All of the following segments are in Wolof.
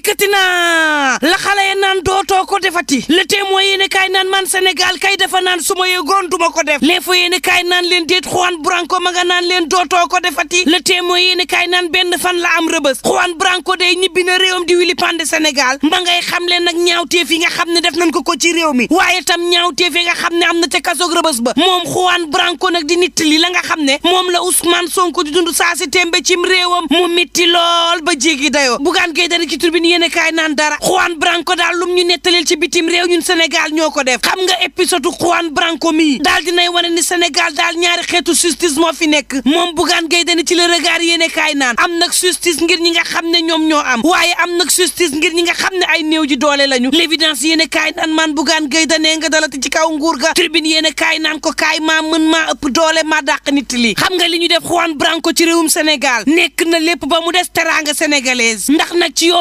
dikkati naa la xale ya naan dootoo ko defati le témoin yéen kaay naan man Sénégal kay dafa naan su ma yëgoon du ko def l'info yéen kaay naan leen déet Juan Branco ma nga naan leen dootoo ko defati le témoin yéen kaay naan benn fan la am rëbës Juan Branco day ñibbi na réewam di wili pande Sénégal ma ngay xam leen nag ñaawteef yi nga xam ne def nañ ko ko ci réew mi waaye tam ñaawteef yi nga xam ne am na ca kasoog rëbës ba moom Juan Branco nag di nit la nga xam ne moom la Ousmane Sonko di dund saa si tembe cim réewam mu mitti lool ba jéggi dayoo bugaan yéen kaay naan dara Juan Branco daal lum ñu nettalil ci bitim réew ñun Sénégal ñoo ko def xam nga épisode Juan Branco mii daal dinay wane ni Sénégal daal ñaari xeetu justice moo fi nekk moom Bougane Gueye Dany ci le regard yéen kaay naan am nag justice ngir ñi nga xam ne ñoom ñoo am waaye am nag justice ngir ñi nga xam ne ay néew ji doole lañu l'évidence yéen kaay naan man Bougane Gueye Dany nga dalati ci kaw nguur ga tribune yéen kaay naan ko kaay maa mën maa ëpp doole maa dàq nit li xam nga li ñu def Juan Branco ci réewum Sénégal nekk na lépp ba mu des teranga sénégalaise ndax nag ci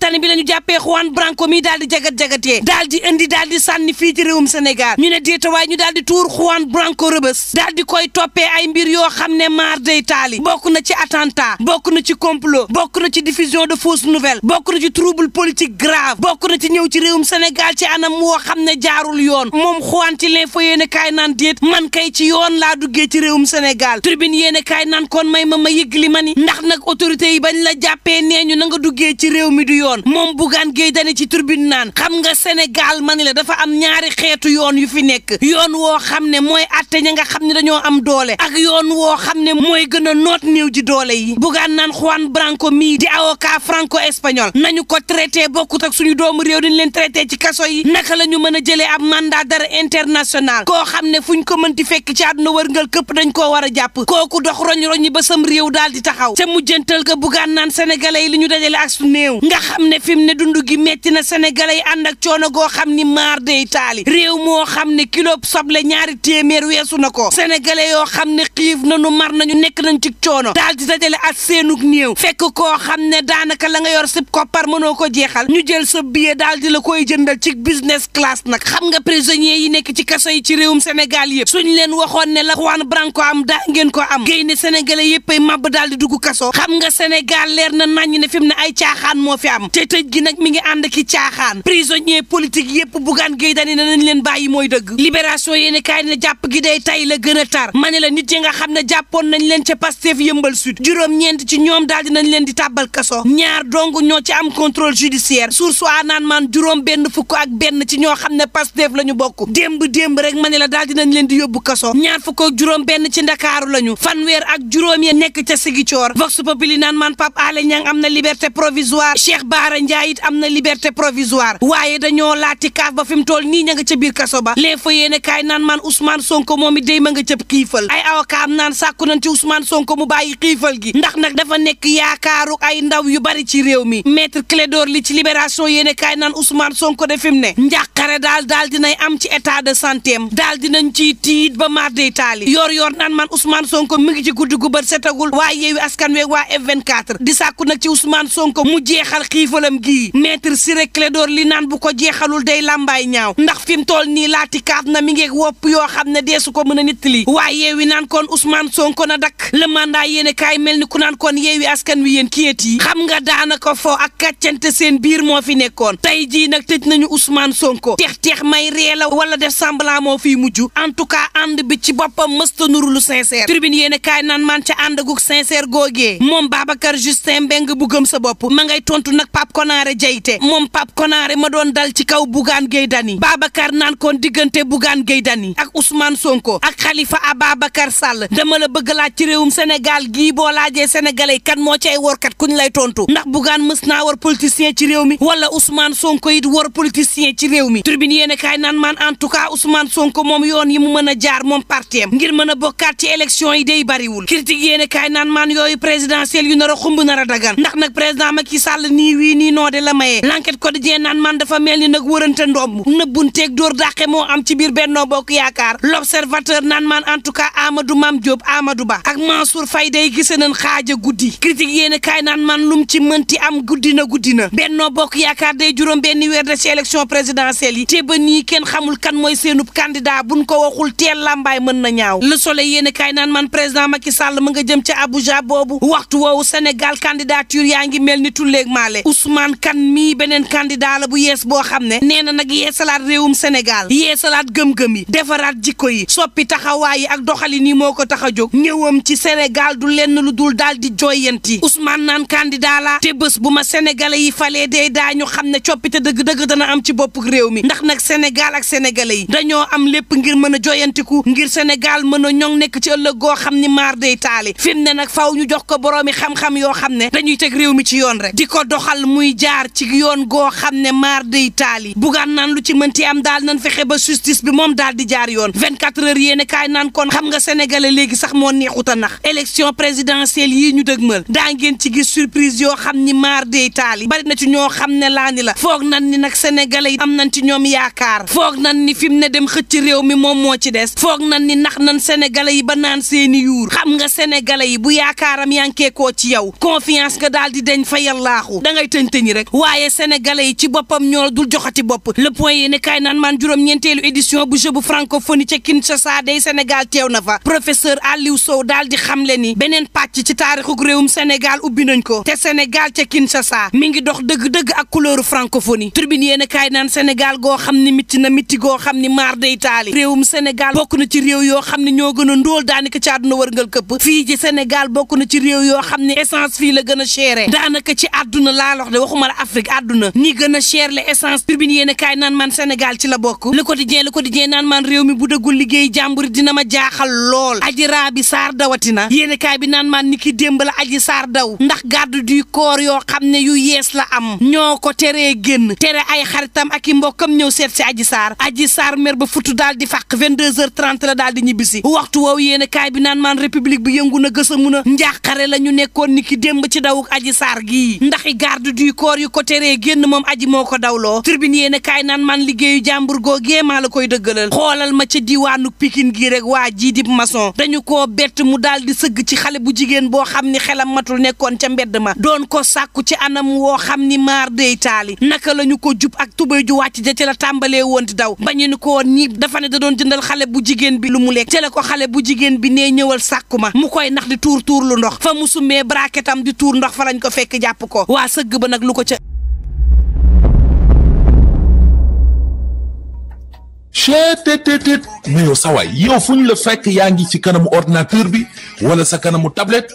Mauritanie bi la ñu jàppee Juan Branco mi daal di jagat-jagatee daal di indi daal di sànni fii ci réewum Sénégal ñu ne déetawaay ñu daal di tuur Juan Branco rëbës daal di koy toppee ay mbir yoo xam ne maar day taali bokk na ci attentat bokk na ci complot bokk na ci diffusion de fausses nouvelles bokk na ci trouble politique grave bokk na ci ñëw ci réewum Sénégal ci anam woo xam ne jaarul yoon moom Juan ci l'info yéene kaay naan déet man kay ci yoon laa duggee ci réewum Sénégal tribune yéene kaay naan may ma ma yëgli ma ni ndax nag autorité yi bañ la jàppee nee ñu na duggee ci réew mi du yoon yoon moom Bougane Gueye Dany ci turbine naan xam nga Sénégal ma ni dafa am ñaari xeetu yoon yu fi nekk yoon woo xam ne mooy atte ña nga xam ne dañoo am doole ak yoon woo xam ne mooy gën a noot néew ji doole yi Bougane naan Juan Branco mii di avocat franco espagnol nañu ko traité bokkut ak suñu doomu réew dañ leen traité ci kaso yi naka la ñu mën a jëlee ab mandat d'arrêt international koo xam ne fuñ ko mënti fekk ci àdduna wërngal këpp dañ koo war a jàpp kooku dox roñ roñ ba sam réew daal di taxaw te mujjantal ka Bougane naan sénégalais yi li ñu dajale ak su néew xam ne fi mu ne dund gi métti na sénégalais yi ànd ak coono goo xam ni maar day taali réew moo xam ne kilo soble ñaari téeméer weesu na ko sénégalais yoo xam ne xiif nañu mar ñu nekk nañ ci coono daal di dajale ak seenug néew fekk ko xam ne daanaka la nga yor sib koppar mënoo ko jeexal ñu jël sa billet daal di la koy jëndal ci business class nag xam nga prisonniers yi nekk ci kaso yi ci réewum Sénégal yëpp suñ leen waxoon ne la Juan Branco am daa ngeen ko am géy ne yëpp ay màbb daal di dugg kaso xam nga Sénégal leer na nañ ne fi mu ne ay caaxaan moo fi am moom te tëj gi nag mi ngi ànd ki caaxaan prisonnier politique yépp Bougane Gueye Dany ne nañ leen bàyyi mooy dëgg libération yéene kaay ne jàpp gi day tay la gën a tar ma ne la nit yi nga xam ne jàppoon nañ leen ca Pastef yëmbal sud juróom-ñeent ci ñoom daal di leen di tàbbal kaso ñaar dong ñoo ci am contrôle judiciaire source a naan maan juróom benn fukk ak benn ci ñoo xam ne Pastef la ñu bokk démb démb rek ma la daal di nañ leen di yóbbu kaso ñaar fukk ak benn ci ndakaaru lañu fanweer ak juróom ya nekk ca Sigicoor Vox Populi naan maan Pape Alé Niang am na liberté provisoire Cheikh Baara Ndiaye am na liberté provisoire waaye dañoo laati kaaf ba fi mu toll nii ña nga ca biir kaso ba les fo yéene kaay naan man Ousmane Sonko moom it day ma nga cëb xiifal ay avocat am naan sàkku nañ ci Ousmane Sonko mu bàyyi xiifal gi ndax nag dafa nekk yaakaaru ay ndaw yu bari ci réew mi maître Clédor li ci libération yéene kaay naan Ousmane Sonko de fi mu ne njàqare daal daal dinay am ci état de santé am daal dinañ ci tiit ba maar day taali yor yor naan man Ousmane Sonko mi ngi ci guddi gu bët setagul waa yeewi askan weeg waa F24 di sàkku nag ci Ousmane Sonko mu jeexal xiif xiifalam gii maître Ciré Clédor li naan bu ko jeexalul day lambaay ñaaw ndax fi mu toll nii laati kaaf na mi ngeeg wopp yoo xam ne deesu ko mën a nittili waa yeewi naan kon Ousmane Sonko na dakk le mandat yéene kaay mel ni ku naan kon yeewi askan wi yéen kiyét yi xam nga daanaka foo ak kàccante seen biir moo fi nekkoon tey jii nag tëj nañu Ousmane Sonko teex teex may ree la wala def semblant moo fiy mujj en tout cas ànd bi ci boppam mësta nuru lu sincère tribune yéene kaay naan man ca ànd gu sincère googee moom Babacar Justin Mbeng bu gëm sa bopp nag Pape Konaare Jayte moom Pape Konaare ma doon dal ci kaw Bougane Gueye Dany Babacar naan kon diggante Bougane gay Dany ak Ousmane Sonko ak Khalifa Ababacar Sall dama la bëgg laaj ci réewum Sénégal gii boo laajee sénégalais kan moo ci ay workat kuñ lay tontu ndax Bougane mës naa war politicien ci réew mi wala Ousmane Sonko it war politicien ci réew mi Tribune yéen a kaay naan maan en tout cas Ousmane Sonko moom yoon yi mu mën a jaar moom partiam ngir mën a bokkaat ci élection yi day bariwul critique yéen a naan maan yooyu présidentiel yu nar a xumb nar a dagan ndax nag président Macky Sall nii wii nii noo de la mayee l'enquête quotidien naan man dafa mel ni nag wërante bu nëbbunteeg dóor dàqe moo am ci biir bennoo bokk yaakaar l'observateur naan man en tout cas Amadou Mame Diop Amadou Ba ak Mansour Faye day gise nañ xaaja guddi critique yéen kaay naan man lum ci mënti am guddi na guddi na bennoo bokk yaakaar day juróom benn weer de ci élection présidentielle yi te ba nii kenn xamul kan mooy seenub candidat buñ ko waxul teel lambaay mën na ñaaw l soleil yéen kaay naan man président Macky Sall mu nga jëm ca Abuja boobu waxtu woowu Sénégal candidature yaa ngi mel ni tulleeg maale Ousmane Kane mii beneen candidat la bu yees boo xam ne nee na nag yeesalaat réewum Sénégal yeesalaat gëm-gëm yi defaraat jikko yi soppi taxawaay yi ak doxalin yi moo ko tax a jóg ñëwam ci Sénégal du lenn lu dul daal di jooyanti Ousmane naan candidat la te bés bu ma sénégalais yi falee dee daañu xam ne coppite dëgg-dëgg dana am ci bopp réew mi ndax nag Sénégal ak sénégalais yi dañoo am lépp ngir mën a jooyantiku ngir Sénégal mën a ñoŋ nekk ci ëllëg goo xam ni maar day taali fi nag faaw ñu jox ko boroomi xam-xam yoo xam ne dañuy teg mi ci yoon rek Sall muy jaar ci yoon goo xam ne maar day taali bugaan naan lu ci mënti am daal nan fexe ba justice bi moom daal di jaar yoon 24 heures yéen a kaay naan kon xam nga sénégalais léegi sax moo neexuta a nax élection présidentielle yii ñu dëgmal daa ngeen ci gis surprise yoo xam ni maar day taali bari na ci ñoo xam ne laa la foog nan ni nag sénégalais yi am nañ ci ñoom yaakaar foog nan ni fi mu ne dem xëcc réew mi moom moo ci des foog nan ni nax nan sénégalais yi ba naan seeni yuur xam nga senegale yi bu yaakaaram yankeekoo ci yow confiance nga daal di deñ fa ay tëñ-tëñi rek waaye sénégalais yi ci boppam ñoo dul joxati bopp le point yéene kaay naan maan juróom-ñeenteelu édition bu jeu bu francophonie ca Kinshasa day Sénégal teew na fa professeur Aliou Sow daal di le ni beneen pàcc ci taarixuk réewum Sénégal ubbi nañ ko te Sénégal ca Kinshasa mi ngi dox dëgg-dëgg ak couleur francophonie tribune yéene kaay naan Sénégal goo xam ni mitti na mitti goo xam ni maar day taali réewum senegal bokk na ci réew yoo xam ne ñoo gën a ndóol daanaka ci àdduna wërngal këpp fii ci Sénégal bokk na ci réew yoo xam ne essence fii la gën a la wax de waxuma la Afrique àdduna ñi gën a cher le essence turbine yéen a kaay naan man Sénégal ci la bokk le quotidien le quotidien naan man réew mi bu dëggul liggéey jàmbur dina ma jaaxal lool aji raa bi saar dawatina yéen a bi naan man ni ki démb la aji saar daw ndax garde du koor yoo xam ne yu yees la am ñoo ko teree génn tere ay xaritam ak i mbokkam ñëw seet si aji saar aji saar meer ba futu daal di fàq 22h30 la daal di ñibbisi waxtu woowu yéene a bi naan man république bi yëngu na gësamu na njàqare la ñu nekkoon ni ki démb ci dawuk aji saar gii garde du corps yu ko teree génn moom aji moo ko dawloo turbine yéen kaay naan man liggéeyu jàmbur go maa la koy dëggalal xoolal ma ca diwaanu Pikine gi rek waa jii di maçon dañu koo bett mu daal di sëgg ci xale bu jigéen boo xam ni xelam matul nekkoon ca mbedd ma doon ko sàkku ci anam woo xam ni maar dey taali naka lañu ko jub ak tubéy ju wàcc ja ci tàmbalee woon di daw bañu ni ko nii dafa ne da doon jëndal xale bu jigéen bi lu mu lekk ci ko xale bu jigéen bi nee ñëwal sàkku mu koy nax di tuur tuur lu ndox fa mu sumee braketam di tuur ndox fa lañ ko fekk jàpp ko dëgg ba nag lu ko ca chetttt mais yow sawaay yow fu ñu la fekk yaa ngi ci kanamu ordinateur bi wala sa kanamu tablette